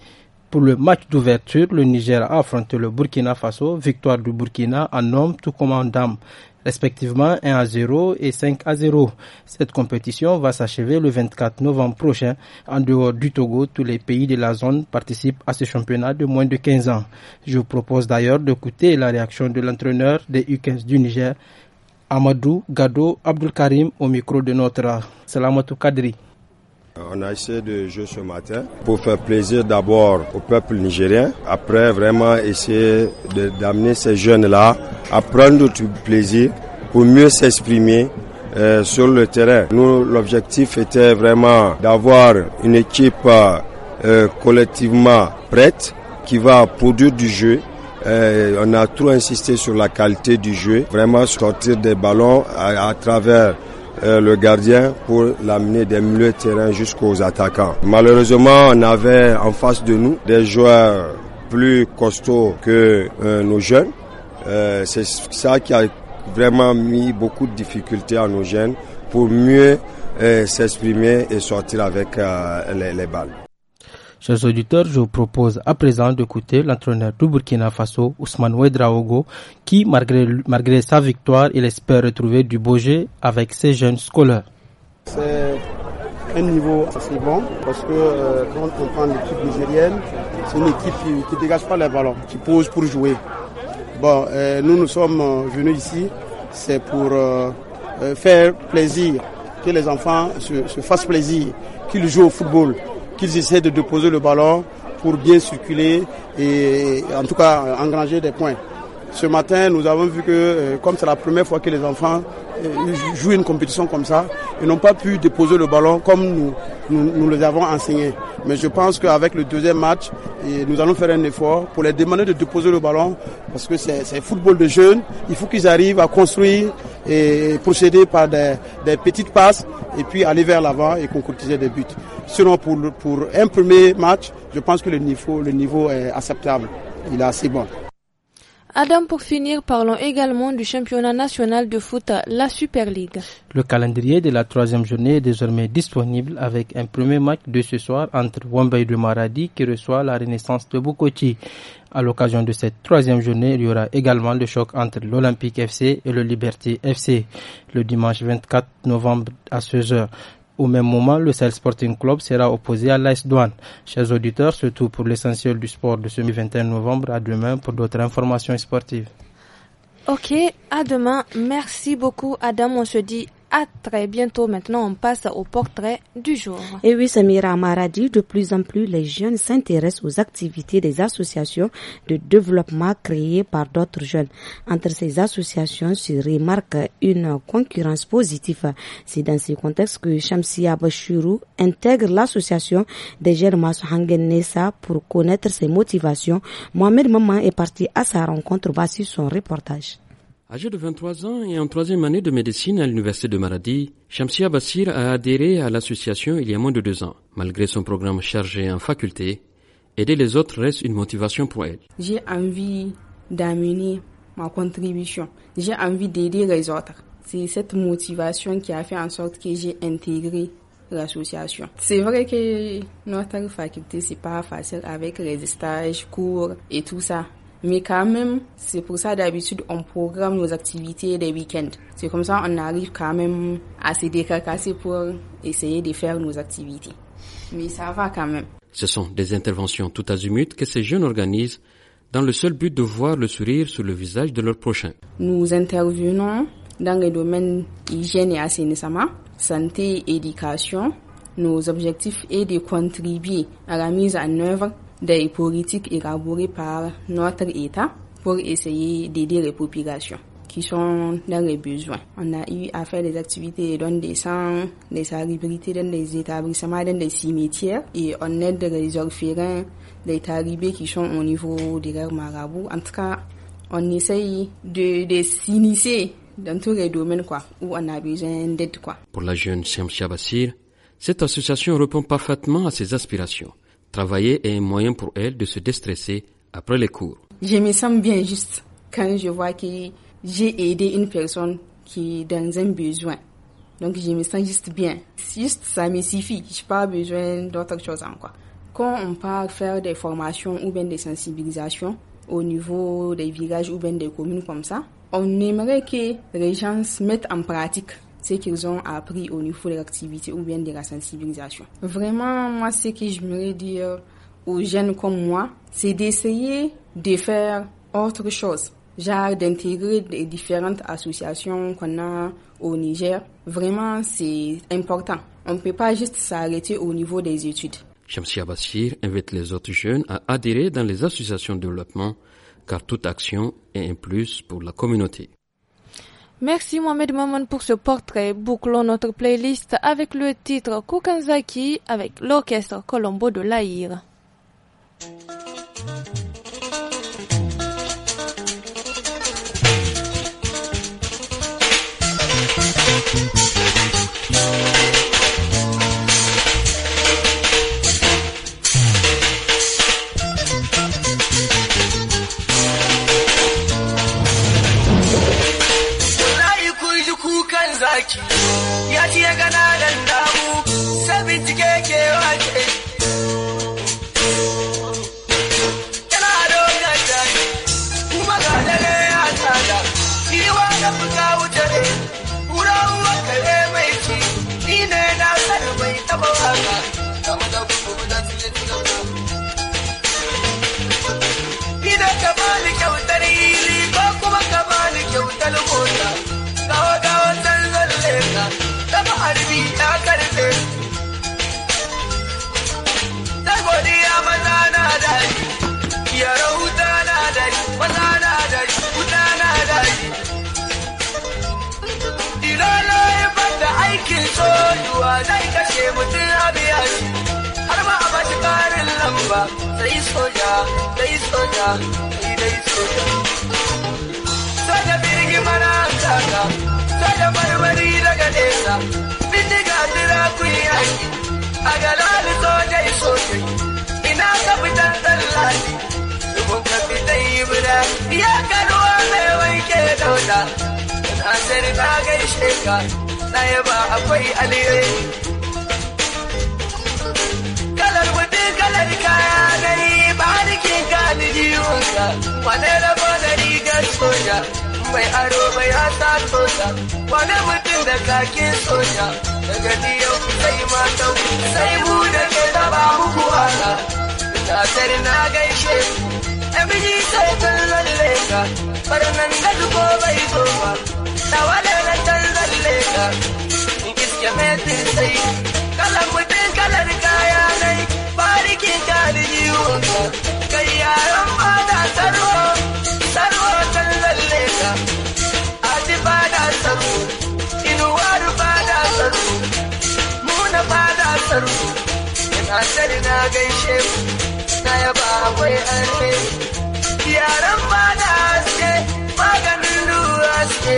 pour le match d'ouverture, le Niger a affronté le Burkina Faso, victoire du Burkina en homme tout comme en respectivement 1 à 0 et 5 à 0. Cette compétition va s'achever le 24 novembre prochain. En dehors du Togo, tous les pays de la zone participent à ce championnat de moins de 15 ans. Je vous propose d'ailleurs d'écouter la réaction de l'entraîneur des U15 du Niger, Amadou Gado Abdul Karim, au micro de notre Salamatou Kadri. Euh, on a essayé de jouer ce matin pour faire plaisir d'abord au peuple nigérien, après vraiment essayer d'amener ces jeunes-là à prendre du plaisir pour mieux s'exprimer euh, sur le terrain. Nous, l'objectif était vraiment d'avoir une équipe euh, collectivement prête qui va produire du jeu on a trop insisté sur la qualité du jeu, vraiment sortir des ballons à travers euh, le gardien pour l'amener des milieux terrain jusqu'aux attaquants. Malheureusement, on avait en face de nous des joueurs plus costauds que euh, nos jeunes. Euh, c'est ça qui a vraiment mis beaucoup de difficultés à nos jeunes pour mieux s'exprimer et sortir avec les balles. Chers auditeurs, je vous propose à présent d'écouter l'entraîneur du Burkina Faso, Ousmane Ouedraogo, qui, malgré, malgré sa victoire, il espère retrouver du beau jeu avec ses jeunes scolaires. C'est un niveau assez bon parce que euh, quand on prend l'équipe nigérienne, c'est une équipe qui ne dégage pas les ballons, qui pose pour jouer. Bon, euh, nous nous sommes euh, venus ici, c'est pour faire plaisir, que les enfants se fassent plaisir, qu'ils jouent au football qu'ils essaient de déposer le ballon pour bien circuler et en tout cas engranger des points. Ce matin, nous avons vu que, euh, comme c'est la première fois que les enfants euh, jouent une compétition comme ça, ils n'ont pas pu déposer le ballon comme nous, nous, les avons enseignés. Mais je pense qu'avec le deuxième match, nous allons faire un effort pour les demander de déposer le ballon parce que c'est football de jeunes. Il faut qu'ils arrivent à construire et procéder par des, petites passes et puis aller vers l'avant et concrétiser des buts. Sinon, pour, pour un premier match, je pense que le niveau, le niveau est acceptable. Il est assez bon. Adam, pour finir, parlons également du championnat national de foot, la Super League. Le calendrier de la troisième journée est désormais disponible avec un premier match de ce soir entre Wambay de Maradi qui reçoit la Renaissance de Bukoti. À l'occasion de cette troisième journée, il y aura également le choc entre l'Olympique FC et le Liberté FC le dimanche 24 novembre à 16h. Au même moment, le seul Sporting Club sera opposé à l'AS Douane. Chers auditeurs, c'est tout pour l'essentiel du sport de ce 21 novembre. À demain pour d'autres informations sportives. Ok, à demain. Merci beaucoup, Adam. On se dit à très bientôt. Maintenant, on passe au portrait du jour. Et eh oui, Samira Maradi, de plus en plus, les jeunes s'intéressent aux activités des associations de développement créées par d'autres jeunes. Entre ces associations se remarque une concurrence positive. C'est dans ce contexte que Shamsia Bashuru intègre l'association des jeunes Hangen Nessa pour connaître ses motivations. Mohamed Maman est parti à sa rencontre. sur son reportage. Âgée de 23 ans et en troisième année de médecine à l'université de Maradi, Shamsia Bassir a adhéré à l'association il y a moins de deux ans. Malgré son programme chargé en faculté, aider les autres reste une motivation pour elle. J'ai envie d'amener ma contribution. J'ai envie d'aider les autres. C'est cette motivation qui a fait en sorte que j'ai intégré l'association. C'est vrai que notre faculté, c'est pas facile avec les stages, cours et tout ça. Mais quand même, c'est pour ça d'habitude on programme nos activités des week-ends. C'est comme ça on arrive quand même à se décarcasser pour essayer de faire nos activités. Mais ça va quand même. Ce sont des interventions tout azimut que ces jeunes organisent dans le seul but de voir le sourire sur le visage de leur prochain. Nous intervenons dans les domaines hygiène et assainissement, santé, éducation. Nos objectifs est de contribuer à la mise en œuvre des politiques élaborées par notre État pour essayer d'aider les populations qui sont dans les besoins. On a eu à faire des activités dans des centres, des salubrités dans des établissements, dans des cimetières et on aide les orphelins, les talibés qui sont au niveau des leur marabouts. En tout cas, on essaye de, s'initier dans tous les domaines quoi, où on a besoin d'aide. Quoi. Pour la jeune Siem Bassir, cette association répond parfaitement à ses aspirations. Travailler est un moyen pour elle de se déstresser après les cours. Je me sens bien juste quand je vois que j'ai aidé une personne qui est dans un besoin. Donc je me sens juste bien. Juste ça me suffit. Je n'ai pas besoin d'autre chose encore. Quand on part faire des formations ou bien des sensibilisations au niveau des villages ou bien des communes comme ça, on aimerait que les gens se mettent en pratique ce qu'ils ont appris au niveau de l'activité ou bien de la sensibilisation. Vraiment, moi, ce que je voudrais dire aux jeunes comme moi, c'est d'essayer de faire autre chose, genre d'intégrer les différentes associations qu'on a au Niger. Vraiment, c'est important. On ne peut pas juste s'arrêter au niveau des études. Shamsia Bassir invite les autres jeunes à adhérer dans les associations de développement, car toute action est un plus pour la communauté. Merci Mohamed Maman pour ce portrait. Bouclons notre playlist avec le titre Kukanzaki avec l'orchestre Colombo de l'Aïr. Y así es ganar. dari yara na na na aikin sojuwa zai kashe mutum a har ma a bashi lamba sai soja sai soja sai dai soja soja birgi mana saka, soja marmari daga nesa bindiga dira yaki a galari soja yi sosai na ga fitar tsallani dubun ka fitar yi bira ya karuwa mai wanke dauda na sani na gaishe ka na yaba akwai alheri kalar kudi kalar kaya na yi ba harkin gani jiwonka wane rabo da rigar soja mai aro mai hasa soja wane mutum da kakin soja daga diyan sai matan sai mu da ke taba muku wahala Tasar na gaishe na biji sai kan lalle ka Barnan da dubo bai zo ba Na wale na can lalle ka In kiske mai sai Kalan mutum kalar kaya nai Barikin kari yiwon ka Kai yaran ba da sarwa Sarwa can lalle ka Aji ba da sarwa Inuwar ba da sarwa Muna ba sarwa Ina sani na gaishe mu ba akwai arme yaran fada haske maganin duhu haske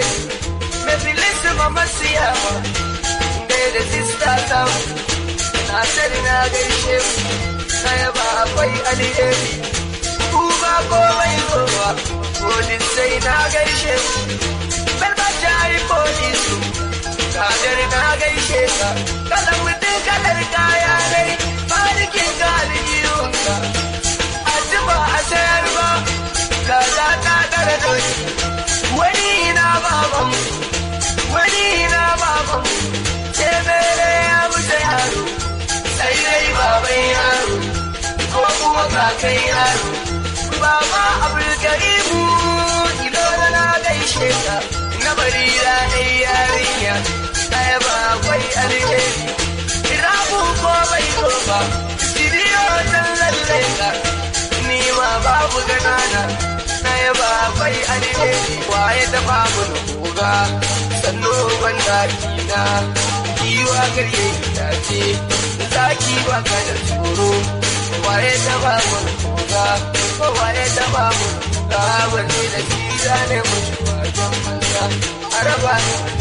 mefilis ma siyawa gai da sista sam na sani na gaishe mu na yaba akwai alheri ku ba komai zowa polis sai na gaishe mu belbaja yi polisu kajar na gaishe ka kalan mutum kalar kaya ne farikin galibiyonka ba a sayar ba kaza ta dara doki wani ina baban wani na baban ce ya wuce yaro sai dai baban yaro ko kuma kakan yaro baba abulkarimu ilola na gaishe ta na bari da yarinya ɗaya ba akwai alheri irabu ko bai ko ba studio don lalle ka ni'ima babu ganana na yaba akwai alheri waye da mu nuga sannu ban da na kiwa ce za ki ba ka da tsoro wa waye da mu nuga ko waye da mu nuga wani da shi ne mu wajen manta araba ne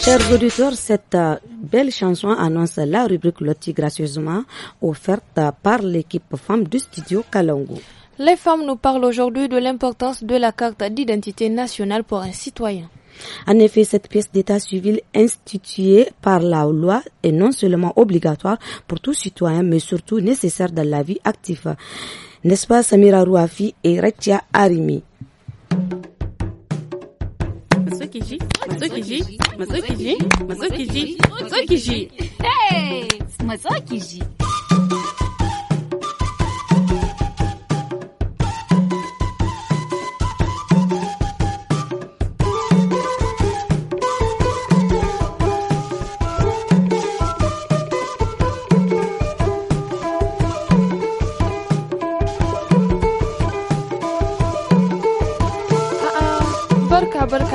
Chers auditeurs, cette euh, belle chanson annonce la rubrique Loti gracieusement offerte par l'équipe femme du studio Kalongo. Les femmes nous parlent aujourd'hui de l'importance de la carte d'identité nationale pour un citoyen. En effet, cette pièce d'état civil instituée par la loi est non seulement obligatoire pour tout citoyen, mais surtout nécessaire dans la vie active. N'est-ce pas Samira Rouafi et Retia Arimi?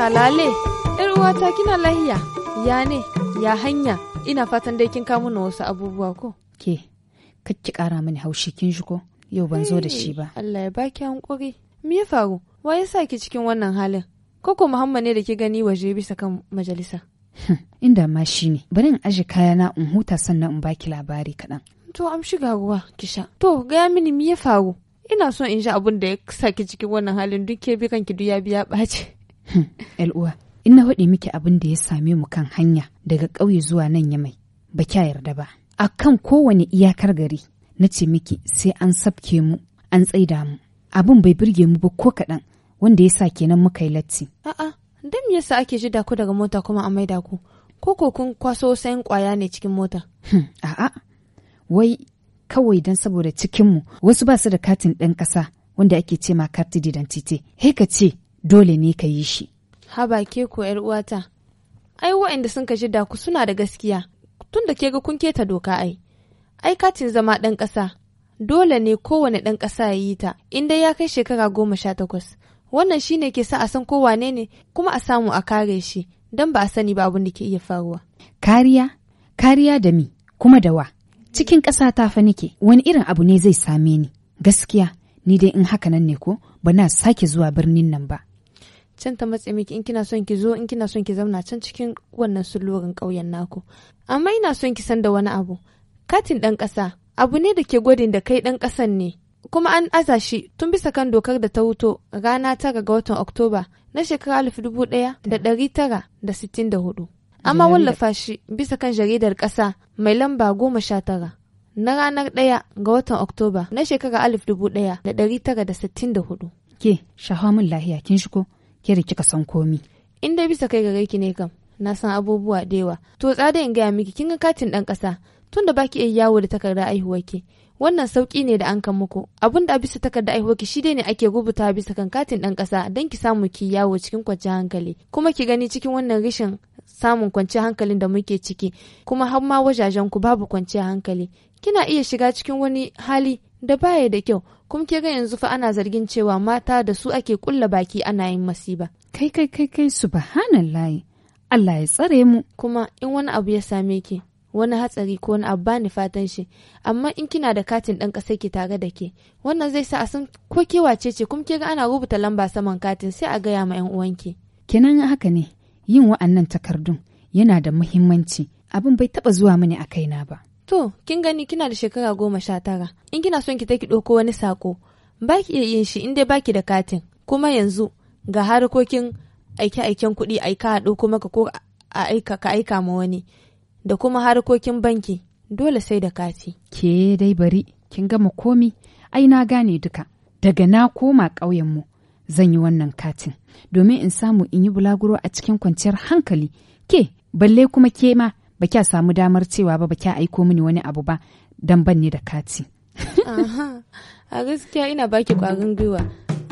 Salale, ‘yar uwata kina lahiya, ya ne, ya hanya, ina fatan dai kin kamo na wasu abubuwa ko? Ke, ki kara mini haushi kin shi ko? Yau ban zo da shi ba. Allah ya baki hankuri. Me ya faru? Wa ya sa ki cikin wannan halin? Koko Muhammad ne da ki gani waje bisa kan majalisa. Hm, inda ma shi ne, bari in aje kayana in huta sannan in baki labari kaɗan. To am shiga ruwa ki sha. To gaya mini me ya faru? Ina so in ji abun da ya saki cikin wannan halin duk ke bi kanki duk ya biya ɓaci. Hmm. uwa in na faɗi miki abin da ya same mu kan hanya daga ƙauye zuwa nan yamai ba kya yarda ba a kan kowane iyakar gari na ce miki sai an sabke mu an tsaida mu abin bai birge mu ba ko kaɗan wanda ya sa kenan muka yi latti. A'a, dan me yasa ake ji ku daga mota kuma a mai ku? Ko ko kun kwaso sayan ƙwaya ne cikin mota? Hmm, a'a, wai kawai dan saboda cikinmu wasu ba su da katin ɗan ƙasa wanda ake ce ma karti didantite. Hei ka ce dole ne ka yi shi haba ke ko yar uwata ai waɗanda sun ka da ku suna da gaskiya tun da ke ga kun keta doka ai ai katin zama ɗan ƙasa dole ne kowane ɗan ƙasa ya yi ta inda ya kai shekara goma sha takwas wannan shine ke sa a san ko wane ne kuma a samu a kare shi don ba a sani ba abin da ke iya faruwa kariya kariya da mi kuma da wa cikin ƙasa ta fa nike wani irin abu ne zai same ni gaskiya ni dai in haka nan ne ko ba na sake zuwa birnin nan ba can ta matse miki in kina son ki zo in kina son ki zauna can cikin wannan sulurin ƙauyen naku amma ina son ki san da wani abu katin ɗan ƙasa abu ne da ke gwadin da kai ɗan ƙasan ne kuma an aza shi tun bisa kan dokar da ta wuto rana tara ga watan oktoba na shekara alif dubu ɗaya da ɗari tara da sittin da hudu amma wallafa shi bisa kan jaridar ƙasa mai lamba goma sha tara na ranar ɗaya ga watan oktoba na shekara alif dubu ɗaya da ɗari tara da sittin da hudu ke shahamun lahiya kin shigo kiri kika san komi in dai bisa kai ga gaiki ne kam na san abubuwa da yawa to tsada in gaya miki kin ga katin dan kasa tunda baki iya yawo da takarda aihuwarki wannan sauki ne da an kan muku abun da bisa takarda aihuwarki shi dai ne ake rubuta bisa kan katin dan kasa dan ki samu ki yawo cikin kwanciyar hankali kuma ki gani cikin wannan rishin samun kwanciyar hankalin da muke ciki kuma har ma wajajen ku babu kwanciyar hankali kina iya shiga cikin wani hali da baya da kyau kuma ke ga yanzu fa ana zargin cewa mata da su ake kulla baki ana yin masiba kai kai kai kai subhanallahi Allah ya tsare mu kuma in wani abu ya same ki wani hatsari ko wani abu bani fatan shi amma in kina da katin ɗan ƙasar ki tare da ke wannan zai sa a san ko ke wace ce kuma ke ga ana rubuta lamba saman katin sai a gaya ma yan uwanki kenan haka ne yin wa'annan takardun yana da muhimmanci abin bai taɓa zuwa mini a kaina ba To, kin gani kina da shekara goma sha tara. In kina son ki ta ki ɗauko wani sako, ba ki iya yin shi in dai baki da katin. Kuma yanzu ga harkokin aike-aiken kuɗi aika a ɗauko maka ko aika ka aika ma wani da kuma harkokin banki dole sai da kati. Ke dai bari, kin gama komi, ai na gane duka. Daga na koma ƙauyenmu zan yi wannan katin domin in samu in yi bulaguro a cikin kwanciyar hankali. Ke, balle kuma ke ma ba kya samu damar cewa ba ba kya aiko mini wani abu ba dan ban ne da kati a gaskiya ina baki kwarin gwiwa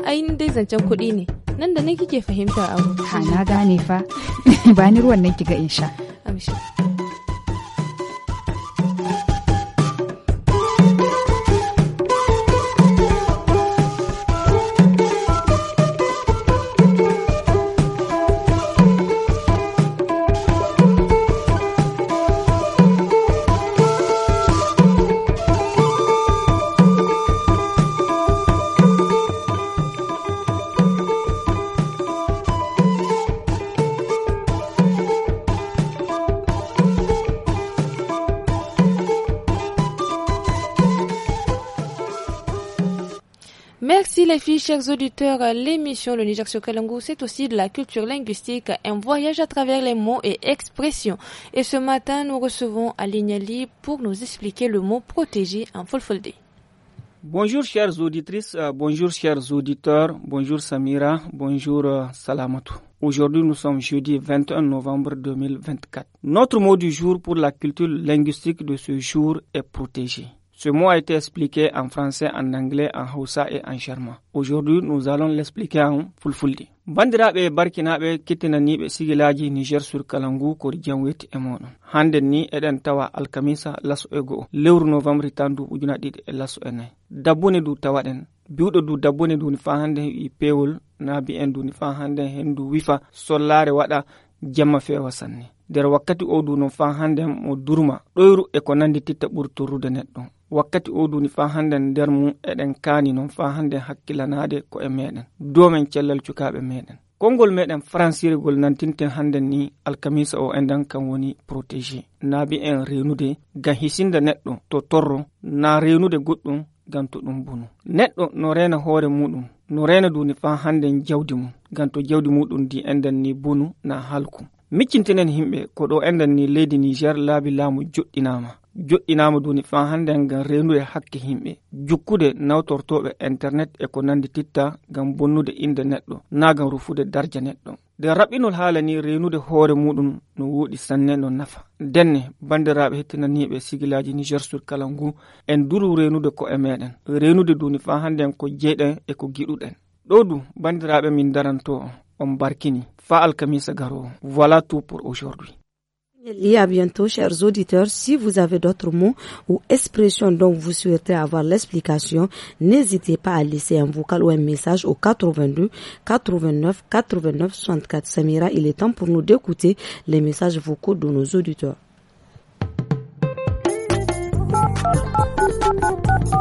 ai dai zancen kuɗi ne nan da nan kike fahimtar abu ha na gane fa ba ni ruwan nan ga in sha chers auditeurs, l'émission Le Niger sur c'est aussi de la culture linguistique, un voyage à travers les mots et expressions. Et ce matin, nous recevons Alignali pour nous expliquer le mot protégé en folfoldé. Bonjour chères auditrices, euh, bonjour chers auditeurs, bonjour Samira, bonjour euh, Salamatu. Aujourd'hui, nous sommes jeudi 21 novembre 2024. Notre mot du jour pour la culture linguistique de ce jour est protégé. Ce mot a été expliqué en français, en anglais, en Hausa et en charma. Aujourd'hui, nous allons l'expliquer en Fulfulde. bandiraɓe barkinaɓe kettinaniɓe sigilaji niger sur kalangu ko jam weti e moɗon hannden ni eɗen tawa alkamisa laso e go'o lewru novambre tan du ujuna ɗiɗi e laso e nayi dabbune du tawaɗen biwɗo du dabbune duni fa hannde wi pewol naabi en duni fa hannde wifa solare waɗa jemma fewa nder wakkati o duno fa hande o durma ɗoyru e ko nandi titta ɓuri torrude neɗɗo wakkati o duni fa hande nder mum eɗen kaani noon fa hande hakkillanade ko e meɗen domen cellal cukaɓe meɗen kongol meɗen francirigol nantinten hannden ni alkamisa o enden kam woni protégé naabi en renude ngam hisinda neɗɗo to torro na renude goɗɗum ngam to ɗum bunu neɗɗo no rena hoore muɗum no rena duni fa hannden jawdi mum ngam to jawdi muɗum di enden ni bunu na halkum miccintinen himɓe ko ɗo enɗen ni leydi niger laabi laamu joɗɗinama joɗɗinama duni fa hande ngam renude hakke himɓe jukkude nawtortoɓe internet e ko nandi titta ngam bonnude inde neɗɗo na gam rufude darja neɗɗo nde raɓɓinol haala ni renude hoore muɗum no wuɗi sanne no nafa denne bandiraɓe hettinaniɓe sigilaji niger sud kala ngu en duru renude ko e meɗen renude duni fa hande en ko jeyɗen e ko giɗuɗen ɗo du bandiraɓe min daranto on Ombarkini, Faal Voilà tout pour aujourd'hui. Et à bientôt, chers auditeurs. Si vous avez d'autres mots ou expressions dont vous souhaitez avoir l'explication, n'hésitez pas à laisser un vocal ou un message au 82 89 89 64. Samira, il est temps pour nous d'écouter les messages vocaux de nos auditeurs.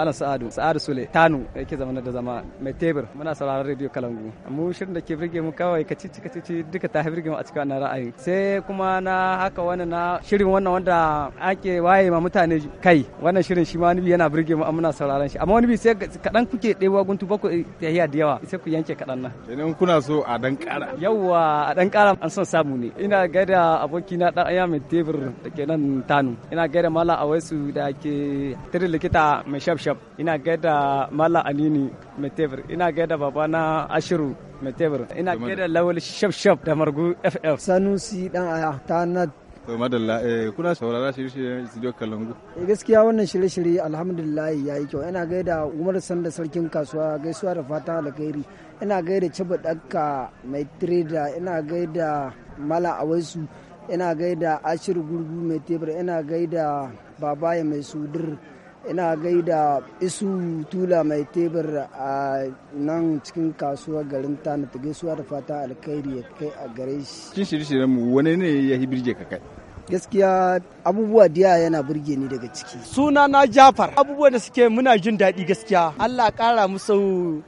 malam sa'adu sa'adu sule tanu yake zama da zama mai tebur muna sauraron radio kalangu mu shirin da ke birge mu kawai ka cici ka cici duka ta birge mu a cikin wannan ra'ayi. sai kuma na haka wani na shirin wannan wanda ake waye ma mutane kai wannan shirin shi ma wani yana birge mu muna sauraron shi amma wani bi sai kaɗan kuke ɗewa guntu ba ku yahiya da yawa sai ku yanke kadan nan idan kuna so a dan kara Yawwa a dan kara an son samu ne ina gaida abokina dan aya mai tebur da ke nan tanu ina gaida mala awaisu da ke tare likita mai shafshaf Bishop, ina gaida Mala Anini Metebir, ina gaida babana Ashiru Metebir, ina gaida Lawal Shab Shab da Margu FF. Sanusi Dan Aya, Tanad to madalla eh kuna saurara shirye-shiryen studio kalangu eh, gaskiya wannan shirye-shirye alhamdulillah yayi kyau ina gaida Umar Sanda sarkin kasuwa gaisuwa da fata alkhairi ina gaida Chibu Dakka mai trader ina gaida Mala Awaisu ina gaida Ashiru Gurgu mai tebur ina gaida Babaya mai sudur ina gaida isu tula mai tebur a nan cikin kasuwar garin tana ta gaisuwa da fata alkhairi ya kai a gare shi cikin shirye shirye mu wani ne ya yi birge ka kai gaskiya abubuwa diya yana birge ni daga ciki suna na jafar abubuwan da suke muna jin daɗi gaskiya allah kara musu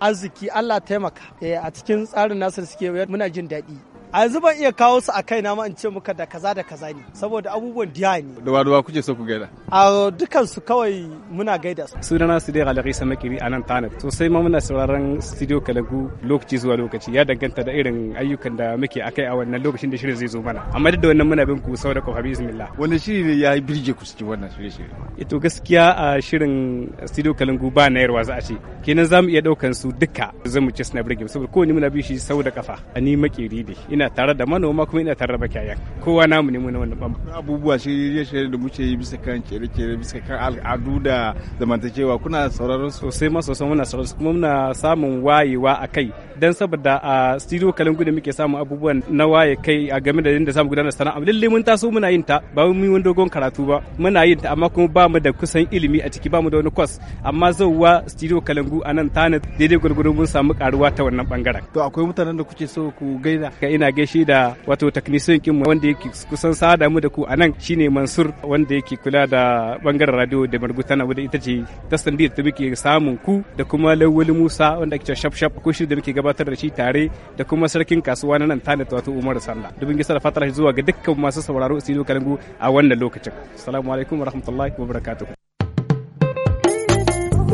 arziki allah taimaka eh, a cikin tsarin nasar suke muna jin daɗi a yanzu ban iya kawo su a kai na ma in ce muka da kaza da kaza ne saboda abubuwan diya ne da wadawa kuke so ku gaida a dukkan su kawai muna gaida su sunana su dai halari sama kiri a nan tanit sosai ma muna sauraron studio kalagu lokaci zuwa lokaci ya danganta da irin ayyukan da muke akai a wannan lokacin da shirin zai zo mana amma duk da wannan muna bin ku sau da kofa bismillah wani shiri ne ya birge ku cikin wannan shirye shirye eh ito gaskiya a shirin studio kalangu ba na yarwa za a ce kenan za mu iya daukan su duka zamu ci suna birge saboda kowanne muna bi shi sau da kafa ni makeri ne ina tare da manoma kuma ina tare da makiyayan kowa namu ne muna wani bamba abubuwa shirye shirye da muke yi bisa kan kere kere bisa kan al'adu da zamantakewa kuna sauraron sosai ma sosai muna sauraron kuma muna samun wayewa a kai dan saboda a studio kalangu da muke samun abubuwan na waye kai a game da yadda zamu gudanar sana'a lalle mun taso muna yin ta ba mun wani dogon karatu ba muna yin ta amma kuma ba mu da kusan ilimi a ciki ba mu da wani kwas amma zauwa studio kalangu a nan tana daidai gwargwaro mun samu karuwa ta wannan bangaren to akwai mutanen da kuke so ku gaida ina gaishe da wato technician kin mu wanda yake kusan sada mu da ku anan shine Mansur wanda yake kula da bangaren radio da margutana wanda ita ce ta sandiyar da muke samun ku da kuma Lawali Musa wanda ake shaf shaf ku shi da muke gabatar da shi tare da kuma sarkin kasuwa na nan Talat wato Umar Sallah dubin gisa da fatar zuwa ga dukkan masu sauraro su yi a wannan lokacin assalamu alaikum warahmatullahi wabarakatuh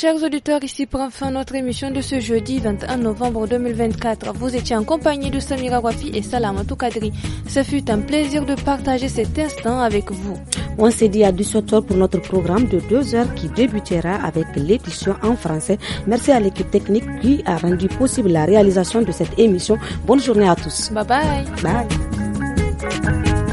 Chers auditeurs, ici prend fin notre émission de ce jeudi 21 novembre 2024. Vous étiez en compagnie de Samira Wafi et Salam Kadri. Ce fut un plaisir de partager cet instant avec vous. On s'est dit à 18 h pour notre programme de 2 heures qui débutera avec l'édition en français. Merci à l'équipe technique qui a rendu possible la réalisation de cette émission. Bonne journée à tous. Bye bye. Bye.